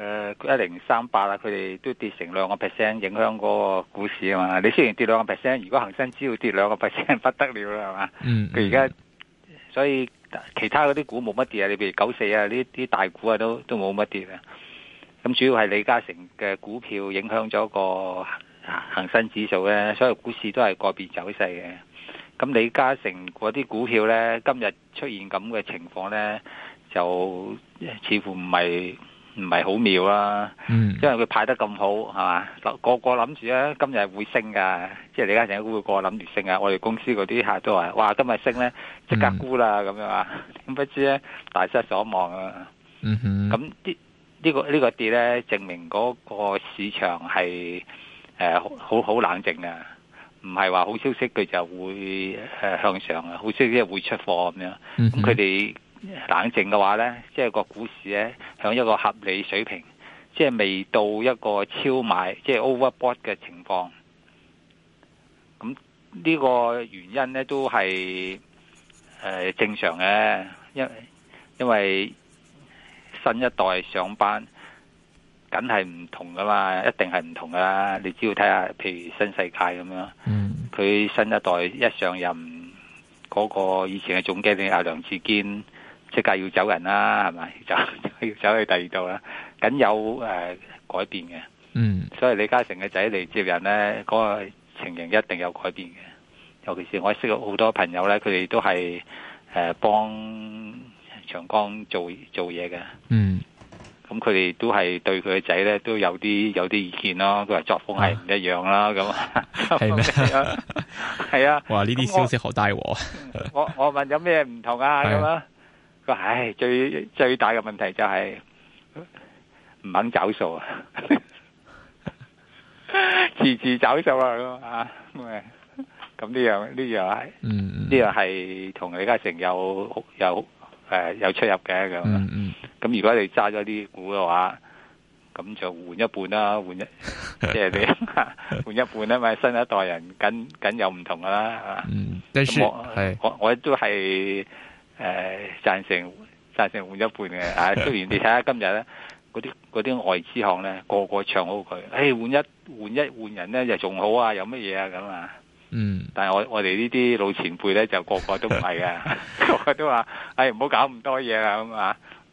誒、呃，一零三八啊，佢哋都跌成兩個 percent，影響嗰個股市啊嘛。你雖然跌兩個 percent，如果恒生只要跌兩個 percent，不得了啦，係嘛？嗯。佢而家，所以其他嗰啲股冇乜跌啊，你譬如九四啊，呢啲大股啊，都都冇乜跌啊。咁主要係李嘉誠嘅股票影響咗個恒生指數咧，所以股市都係個別走勢嘅。咁李嘉誠嗰啲股票咧，今日出現咁嘅情況咧，就似乎唔係。唔係好妙啦，因為佢派得咁好，係嘛？個個諗住咧，今日係會升噶，即係李嘉誠啲股會過諗住升噶。我哋公司嗰啲客都話：哇，今日升咧，即刻沽啦咁樣啊！點不知咧，大失所望啊！咁啲呢個呢個跌咧，證明嗰個市場係誒好好好冷靜嘅，唔係話好消息佢就會誒向上啊，好消息會出貨咁樣。咁佢哋。冷靜嘅話呢，即係個股市呢，響一個合理水平，即係未到一個超買，即係 overbought 嘅情況。咁呢個原因呢，都係誒正常嘅，因因為新一代上班梗係唔同噶嘛，一定係唔同噶。你只要睇下，譬如新世界咁樣，佢新一代一上任嗰個以前嘅總經理阿梁志堅。即刻要走人啦，係咪？走要走去第二度啦，梗有誒改變嘅。嗯。所以李嘉誠嘅仔嚟接人咧，嗰個情形一定有改變嘅。尤其是我識咗好多朋友咧，佢哋都係誒幫長江做做嘢嘅。嗯。咁佢哋都係對佢嘅仔咧都有啲有啲意見咯。佢話作風係唔一樣啦。咁係咩？係啊。哇！呢啲消息好大鑊。我我問有咩唔同啊？咁樣？唉、哎，最最大嘅問題就係唔肯找數啊，遲遲 找數走落去啊，咁呢樣呢樣係，呢樣係同李嘉誠有有誒、呃、有出入嘅咁。咁、嗯嗯、如果你揸咗啲股嘅話，咁就換一半啦，換一即係你換一半咧，嘛，新一代人緊緊有唔同噶啦。但是我是我我，我都係。誒、呃，贊成贊成換一半嘅，啊！雖然你睇下今日咧，嗰啲啲外資行咧，個個唱好佢，誒、哎，換一換一換人咧就仲好啊，有乜嘢啊咁啊？嗯，但係我我哋呢啲老前輩咧，就個個都唔係嘅，我 個個都話，誒、哎，唔好搞咁多嘢啦，咁啊。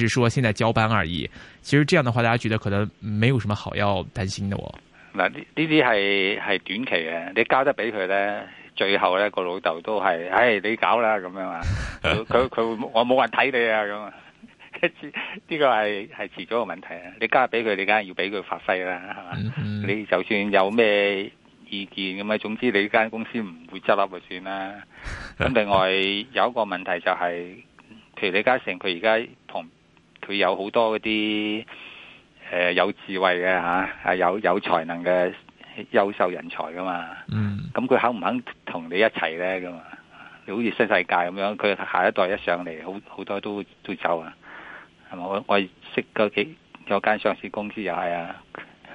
只說現在交班而已，其實這樣的話，大家覺得可能沒有什麼好要擔心的我。我嗱呢啲係係短期嘅，你交得俾佢咧，最後咧個老豆都係，唉，你搞啦咁樣 啊，佢佢我冇人睇你啊咁啊，跟住呢、這個係係遲早嘅問題啊，你交俾佢，你梗係要俾佢發揮啦係嘛，你就算有咩意見咁啊，總之你呢間公司唔會執笠就算啦。咁 另外有一個問題就係、是，譬如李嘉誠佢而家同。會有好多嗰啲誒有智慧嘅吓，係、啊、有有才能嘅優秀人才噶嘛。咁、mm. 佢肯唔肯同你一齊咧？噶嘛，你好似新世界咁樣，佢下一代一上嚟，好好多都都走啊。係咪我我識個幾有間上市公司又係啊，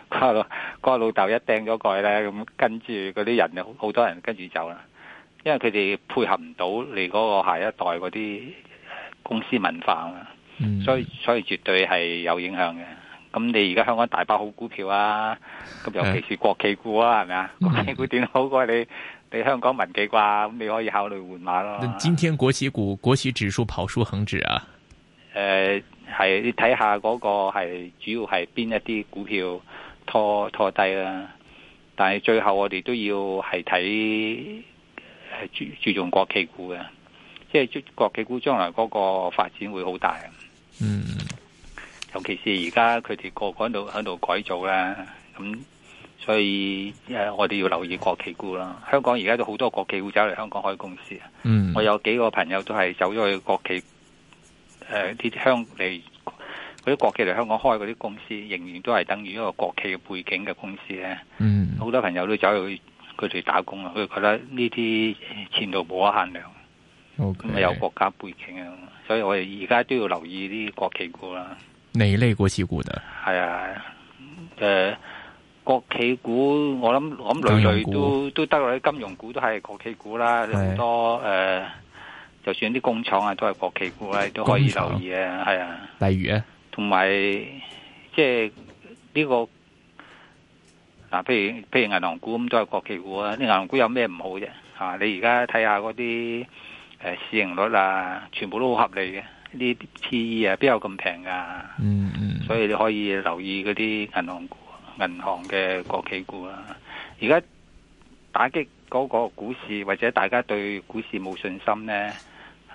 個 個老豆、那個、一掟咗蓋咧，咁跟住嗰啲人就好多人跟住走啦，啊，因為佢哋配合唔到你嗰個下一代嗰啲公司文化啊。嗯、所以所以絕對係有影響嘅，咁你而家香港大把好股票啊，咁尤其是國企股啊，係咪啊？國企股點都好過你，你香港民企啩，咁你可以考慮換碼咯。那今天國企股、國企指數跑輸恒指啊？誒、呃，係你睇下嗰個係主要係邊一啲股票拖拖低啦，但係最後我哋都要係睇係注注重國企股嘅。即係國企股將來嗰個發展會好大，嗯，尤其是而家佢哋個個喺度喺度改造啦。咁所以誒我哋要留意國企股啦。香港而家都好多國企會走嚟香港開公司啊，嗯，我有幾個朋友都係走咗去國企誒，啲香嚟嗰啲國企嚟香港開嗰啲公司，仍然都係等於一個國企嘅背景嘅公司咧。嗯，好多朋友都走去佢哋打工啊，佢哋覺得呢啲前途無可限量。咁、okay. 咪有國家背景啊，所以我哋而家都要留意啲國企股啦。你呢啲股市股呢？係啊，誒、呃，國企股我諗我諗類類都都得，啲金融股都係國企股啦。好、啊、多誒、呃，就算啲工廠啊都係國企股啦，都可以留意啊。係啊，例如啊，同埋即係呢、這個啊，譬如譬如銀行股咁都係國企股啊。啲銀行股有咩唔好啫？吓、啊，你而家睇下嗰啲。誒，市盈率啊，全部都好合理嘅，呢啲 PE 啊，邊有咁平噶？嗯嗯，所以你可以留意嗰啲銀行股、銀行嘅國企股啊。而家打擊嗰個股市或者大家對股市冇信心呢，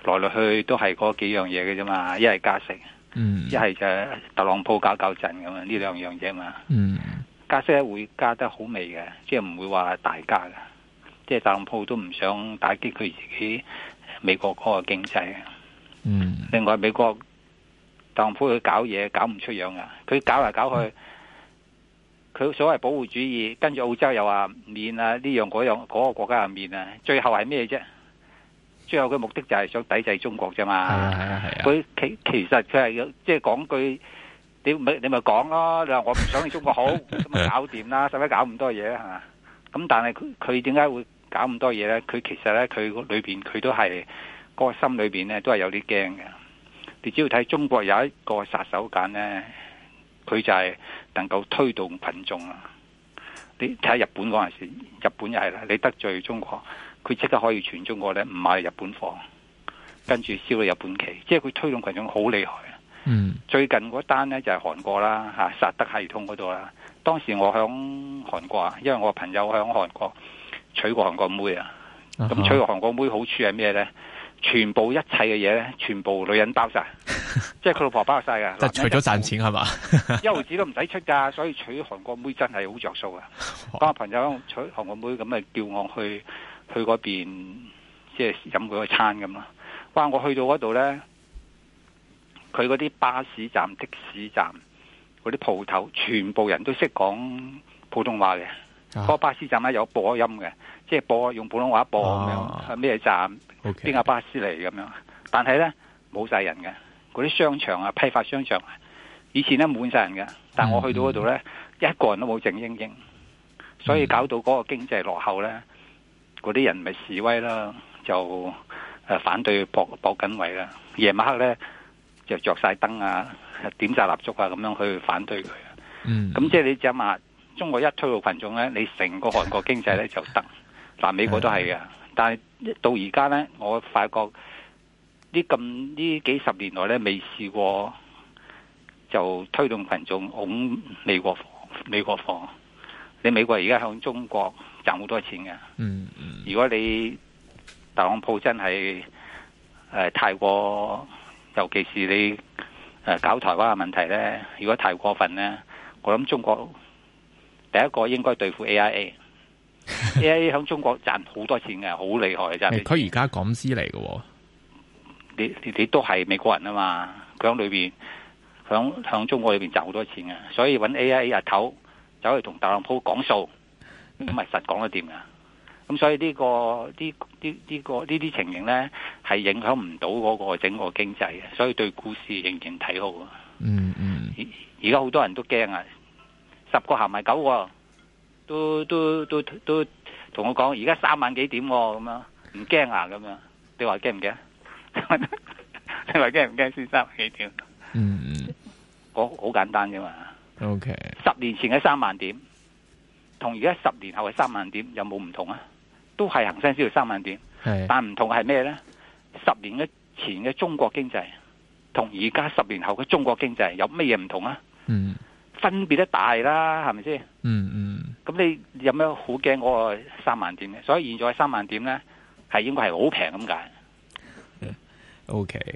來嚟去都係嗰幾樣嘢嘅啫嘛。一係加息，一係就特朗普搞搞震咁啊，呢兩樣嘢嘛。嗯、mm-hmm，加息會加得好微嘅，即係唔會話大加嘅，即係特朗普都唔想打擊佢自己。美國嗰個經濟啊，嗯，另外美國特朗普佢搞嘢搞唔出樣㗎，佢搞嚟搞去，佢所謂保護主義，跟住澳洲又話免啊，呢樣嗰樣嗰個國家又免啊，最後係咩啫？最後嘅目的就係想抵制中國啫嘛，係啊係啊，佢其其實佢係有即係講句，你唔你咪講咯，你話我唔想你中國好，咁咪搞掂啦，使乜搞咁多嘢啊？係嘛，咁但係佢佢點解會？搞咁多嘢呢，佢其實呢，佢裏面，佢都係個心裏面呢，都係有啲驚嘅。你只要睇中國有一個殺手鐧呢，佢就係能夠推動羣眾啊。你睇日本嗰陣時，日本又係啦，你得罪中國，佢即刻可以全中國呢唔買日本貨，跟住燒到日本旗，即係佢推動群眾好厲害。嗯，最近嗰單呢，就係、是、韓國啦吓，薩德系統嗰度啦。當時我響韓國啊，因為我朋友響韓國。娶過韓國妹啊，咁娶過韓國妹好處係咩呢？全部一切嘅嘢呢，全部女人包晒，即係佢老婆包晒㗎。除咗賺錢係嘛？ 一毫子都唔使出噶，所以娶韓國妹真係好着數啊！ 我朋友娶韓國妹咁啊，叫我去去嗰邊，即係飲佢個餐咁咯。哇！我去到嗰度呢，佢嗰啲巴士站、的士站、嗰啲鋪頭，全部人都識講普通話嘅。啊那個巴士站咧有播音嘅，即係播用普通話播咁樣，係、啊、咩站？邊、okay. 個巴士嚟咁樣？但係咧冇晒人嘅，嗰啲商場啊，批發商場以前咧滿晒人嘅，但我去到嗰度咧，一個人都冇剩，英英。所以搞到嗰個經濟落後咧，嗰、嗯、啲人咪示威啦，就誒反對博博緊位啦，夜晚黑咧就着晒燈啊，點晒蠟燭啊，咁樣去反對佢。嗯，咁即係你只嘛？中國一推動群眾呢，你成個韓國經濟呢就得，嗱，美國都係嘅。但係到而家呢，我發覺呢咁呢幾十年來呢，未試過就推動群眾恐美國貨、美國貨。你美國而家向中國賺好多錢嘅，嗯，嗯。如果你特朗普真係誒、呃、太過，尤其是你誒、呃、搞台灣嘅問題呢，如果太過分呢，我諗中國。第一個應該對付 AIA，AIA 響中國賺好多錢嘅，好厲害真。佢而家港資嚟嘅，你你，你都係美國人啊嘛？佢響裏邊響響中國裏邊賺好多錢嘅，所以揾 AIA 日頭走去同特朗普講數，咁咪實講得掂噶。咁所以呢、呢個呢呢呢個呢啲、呢個呢個、情形咧，係影響唔到嗰個整個經濟嘅，所以對股市仍然睇好。嗯嗯。而而家好多人都驚啊！十個行埋九個，都都都都同我講，而家三萬幾點咁樣，唔驚啊咁樣，你話驚唔驚？ 你話驚唔驚？先三萬幾點？嗯嗯，好簡單噶嘛。O、okay. K，十年前嘅三萬點，同而家十年後嘅三萬點有冇唔同啊？都係恆生先至三萬點，係，但唔同係咩咧？十年嘅前嘅中國經濟，同而家十年後嘅中國經濟有咩嘢唔同啊？嗯。分別得大啦，係咪先？嗯嗯，咁你有咩好驚嗰個三萬點嘅？所以現在三萬點咧，係應該係好平咁解。OK. Okay.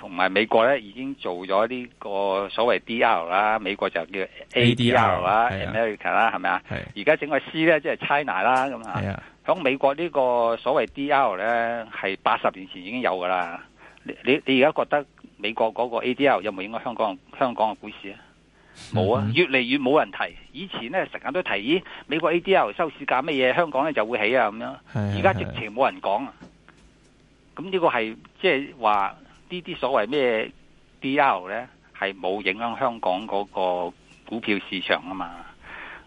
同埋美國咧已經做咗呢個所謂 DR 啦，美國就叫 ADR 啦 America 啦，係咪啊？係。而家整個 C 咧即係 China 啦咁啊。係啊。響美國呢個所謂 DR 咧係八十年前已經有㗎啦。你你你而家覺得美國嗰個 ADR 有冇影響香港香港嘅股市啊？冇、嗯、啊，越嚟越冇人提。以前咧成日都提，咦？美國 ADR 收市價乜嘢，香港咧就會起啊咁樣。而家、啊、直情冇人講啊。咁呢個係即係話。呢啲所謂咩 DR 呢，係冇影響香港嗰個股票市場啊嘛。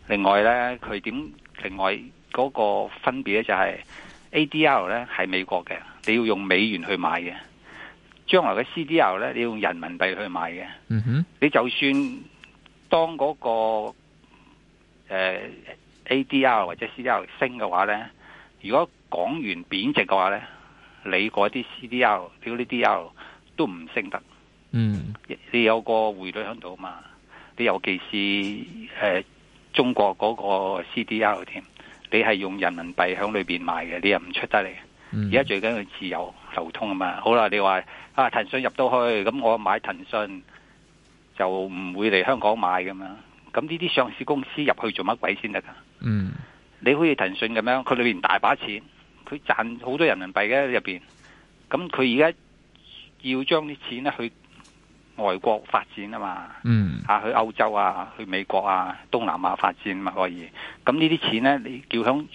另外呢，佢點？另外嗰個分別，就是 ADR、呢，就係 ADR 呢，係美國嘅，你要用美元去買嘅。將來嘅 CDR 呢，你要用人民幣去買嘅。嗯、哼，你就算當嗰、那個、呃、ADR 或者 CDR 升嘅話呢，如果港元貶值嘅話呢，你嗰啲 CDR 呢啲 DR 都唔升得，嗯，你有個匯率喺度嘛？你尤其是誒、呃、中國嗰個 CDR 添，你係用人民幣喺裏邊買嘅，你又唔出得嚟。嗯、而家最緊要自由流通啊嘛。好啦，你話啊騰訊入到去，咁我買騰訊就唔會嚟香港買咁樣。咁呢啲上市公司入去做乜鬼先得噶？嗯，你好似騰訊咁樣，佢裏邊大把錢，佢賺好多人民幣嘅入邊。咁佢而家。要將啲錢咧去外國發展啊嘛，嗯、mm. 啊，去歐洲啊，去美國啊，東南亞發展嘛可以。咁呢啲錢咧，你叫喺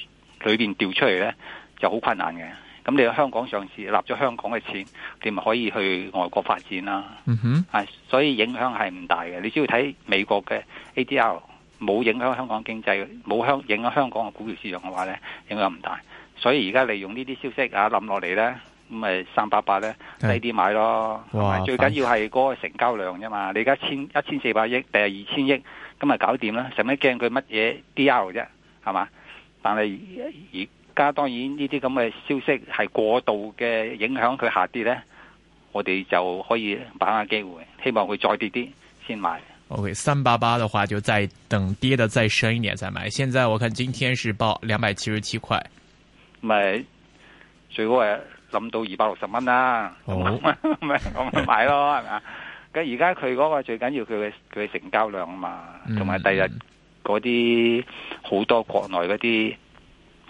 裏面調出嚟咧，就好困難嘅。咁你喺香港上市，立咗香港嘅錢，你咪可以去外國發展啦。嗯、mm、哼 -hmm. 啊，所以影響係唔大嘅。你只要睇美國嘅 ADR 冇影響香港經濟，冇香影響香港嘅股票市場嘅話咧，影響唔大。所以而家利用呢啲消息啊，諗落嚟咧。咁咪三八八咧，低啲買咯。嗯、最緊要係嗰個成交量啫嘛。你而家，千一千四百億定係二千億，咁咪搞掂啦。使乜驚佢乜嘢 DR 啫，係嘛？但係而家當然呢啲咁嘅消息係過度嘅影響佢下跌咧，我哋就可以把握機會，希望佢再跌啲先買。OK，三八八嘅話就再等跌得再深一點再買。現在我看今天是報兩百七十七塊，咪最好高。諗到二百六十蚊啦，咁咪咁咪買咯，係咪啊？咁而家佢嗰個最緊要佢嘅佢成交量啊嘛，同埋第日嗰啲好多國內嗰啲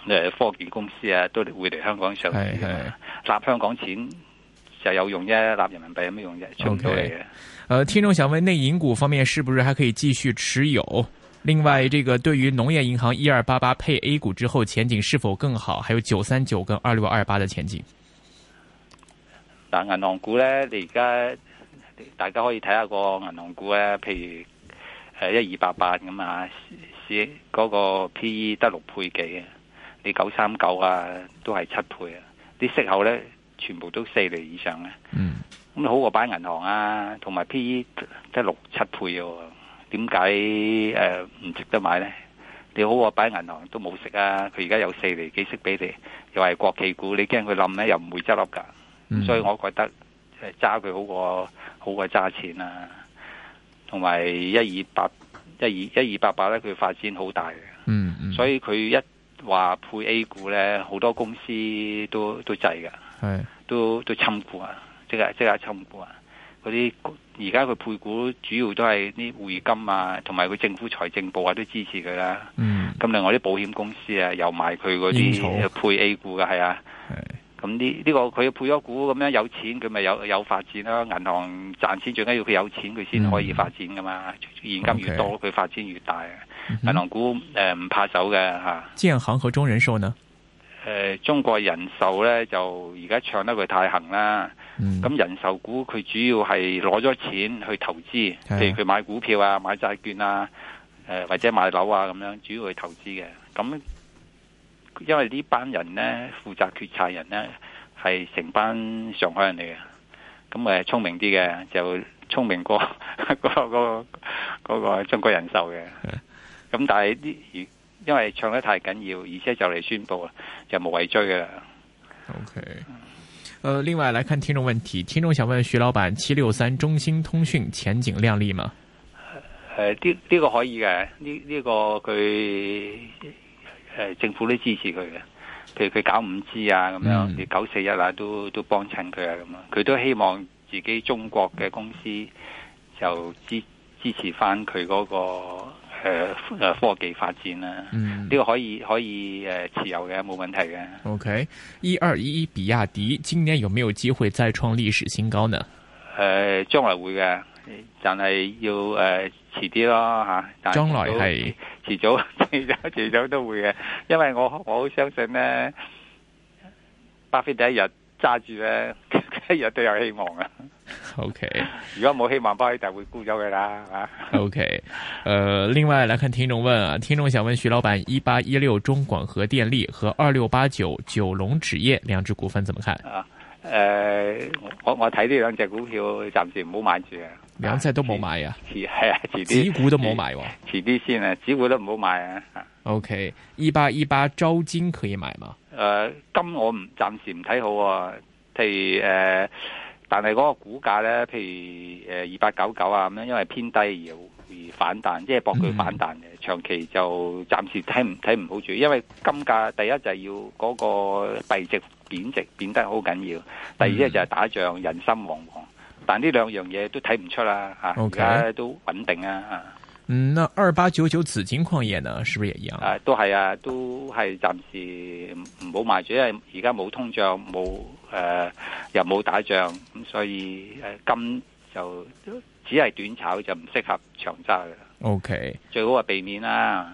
誒科技公司啊，都會嚟香港上市嘅，立香港錢就有用啫，立人民幣有咩用啫？O K，呃，聽眾想問內銀股方面，是不是還可以繼續持有？另外，這個對於農業銀行一二八八配 A 股之後前景是否更好？還有九三九跟二六二八的前景？但銀行股咧，你而家大家可以睇下個銀行股咧，譬如誒一二八八咁啊，嗰個 P E 得六倍幾啊，你九三九啊都係七倍啊，啲息口咧全部都四厘以上啊。嗯、呃，咁你好過擺銀行啊，同埋 P E 得六七倍喎，點解誒唔值得買咧？你好過擺銀行都冇息啊，佢而家有四厘幾息俾你，又係國企股，你驚佢冧咧又唔會執笠㗎。所以我覺得揸佢好過好過揸錢啦，同埋一二八一二一二八八咧，佢發展好大嘅。嗯嗯。所以佢一話配 A 股咧，好多公司都都制嘅。係。都都參股啊！即係即刻參股啊！嗰啲而家佢配股主要都係啲匯金啊，同埋佢政府財政部啊都支持佢啦。嗯。咁另外啲保險公司啊，又買佢嗰啲配 A 股嘅，係啊。咁呢呢個佢配咗股咁樣有錢，佢咪有有發展囉。銀行賺錢最緊要佢有錢佢先可以發展噶嘛？現金越多佢發展越大。銀行股誒、呃、唔怕手嘅吓。建行和中人壽呢？誒、呃，中國人壽呢，就而家唱得佢太行啦。咁、嗯、人壽股佢主要係攞咗錢去投資，啊、譬如佢買股票啊、買債券啊、誒、呃、或者買樓啊咁樣，主要去投資嘅。咁、嗯因為呢班人呢，負責決策人呢，係成班上海人嚟嘅。咁、嗯、咪聰明啲嘅就聰明過嗰個嗰個嗰個中國人壽嘅。咁、嗯、但係呢，因為唱得太緊要，而且就嚟宣布啦，就冇位追嘅。OK，、呃、另外來看聽眾問題，聽眾想問徐老闆：七六三中興通訊前景亮麗嗎？誒、呃、呢、這、呢、個呢個可以嘅，呢、這、呢個佢。這個誒政府都支持佢嘅，譬如佢搞五 G 啊，咁、嗯、樣，你九四一啊，都都幫襯佢啊，咁啊，佢都希望自己中國嘅公司就支支持翻佢嗰個誒、呃、科技發展啦、啊。呢、嗯這個可以可以誒持有嘅，冇問題嘅。OK，一二一，一，比亞迪今年有冇有機會再創歷史新高呢？誒、呃，將來會嘅，但係要誒遲啲咯嚇。但將來係。遲早，遲早，遲早都會嘅，因為我我好相信咧，巴菲特一日揸住咧，一日都有希望啊。OK，如果冇希望，巴菲特會沽咗佢啦。O K，誒，另外嚟看聽眾問啊，聽眾想問徐老闆，一八一六中廣核電力和二六八九九龍紙業兩隻股份怎麼看？啊？誒、呃，我我睇呢兩隻股票，暫時唔好買住啊。兩隻都冇買啊，係啊，持股都冇買喎，遲啲先啊，指股都唔好買啊。O K，一八一八招金可以買嘛？誒、呃，金我唔暫時唔睇好啊。譬如誒、呃，但係嗰個股價咧，譬如誒二八九九啊咁樣，呃、2899，因為偏低而而反彈，即係博佢反彈嘅。嗯。長期就暫時睇唔睇唔好住，因為金價第一就係要嗰個幣值貶值貶得好緊要，第二咧就係打仗、嗯、人心惶惶。但呢兩樣嘢都睇唔出啦，而、啊、家、okay. 都穩定啊。嗯，那二八九九紫金礦業呢，是不是也一樣？啊，都係啊，都係暫時唔好買住，因為而家冇通脹，冇誒、呃、又冇打仗，咁所以誒、呃、金就只係短炒，就唔適合長揸嘅啦。OK，最好係避免啦、啊。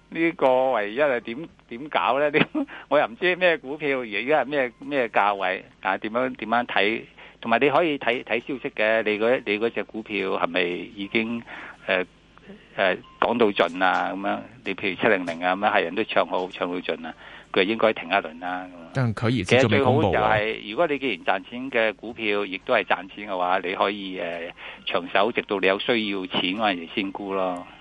呢、這個唯一係點點搞咧？ 我又唔知咩股票而家係咩咩價位，啊點樣點樣睇？同埋你可以睇睇消息嘅，你嗰你嗰隻股票係咪已經誒誒講到盡啊？咁樣你譬如七零零啊，咁樣係人都唱好唱到盡啊，佢應該停一輪啦。但係佢而家其實最好就係、是、如果你既然賺錢嘅股票，亦都係賺錢嘅話，你可以誒、呃、長手，直到你有需要錢嗰陣時先沽咯。